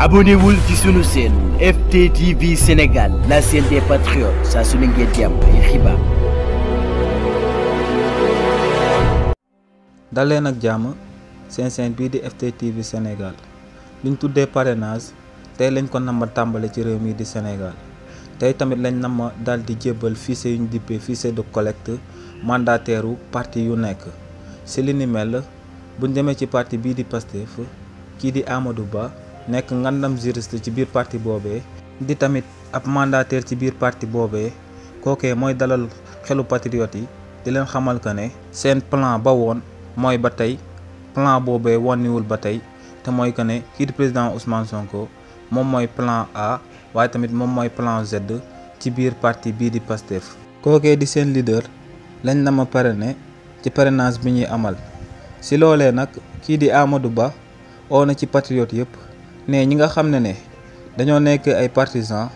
Abonnez-vous vous la chaîne FTTV Sénégal la chaîne des patriotes C'est su ne ngeen ak jàmm la chaîne FTTV Sénégal Nous sommes parrainage nama ci mi di Sénégal tey tamit lañ de collecte mandataire parti yu C'est si ni mel parti di Pastef di nek ngandam juriste ci biir parti bobé di tamit ab mandataire ci biir parti bobé koké moy dalal xelu patriote yi di len xamal que ne plan ba won moy batay plan bobé woni wul batay té moy que ne kii di président Ousmane Sonko mom moy plan A waaye tamit mom moy plan Z ci biir parti bi di Pastef koké di sen leader lañ ma paréné ci parrainage bi ñuy amal ci lolé nak ki di Amadou Ba oo ci patriote yëpp ne ñi nga xam ne ne dañoo nekk ay partisans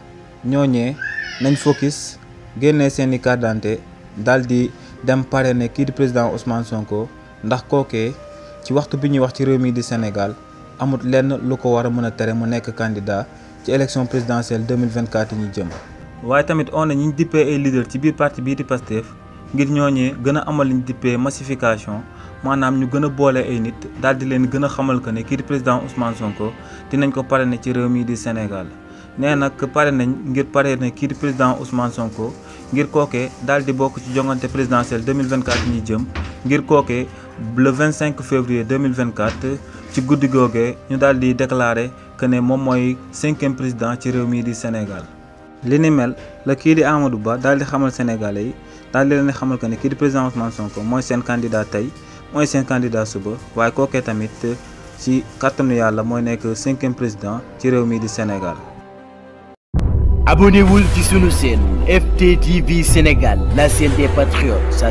ñooñee nañ focus génnee seeni carte d'identité daal di dem parrainer kii di président Ousmane Sonko ndax kookee ci waxtu bi ñuy wax ci réew mii di Sénégal amut lenn lu ko war a mën a tere mu nekk candidat ci élection présidentielle 2024 yi ñu jëm. waaye tamit on ñi ñu dippee ay leader ci biir parti bii di Pastef ngir ñooñee gën amal li ñu dippee massification. maanaam ñu gën a boole ay nit daal di leen gën a xamal que ne kii di président Ousmane Sonko dinañ ko parrainé ci réew mii di Sénégal nee nag pare nañ ngir pare ne kii di président Ousmane Sonko ngir kookee daal di bokk ci jongante présidentielle 2024 ñi jëm ngir kookee le 25 février 2024 ci guddi googee ñu daal di déclaré que ne moom mooy cinquième président ci réew mii di Sénégal. li ni mel la kii di Amadou Ba daal di xamal sénégal yi daal di leen xamal que ne kii di président Ousmane Sonko mooy seen tey. est un candidat suba waaye tamit ci euh, yalla moy nek 5 cinquième président ci réew Sénégal. abonnez-vous chaîne FTTV Sénégal la des patriotes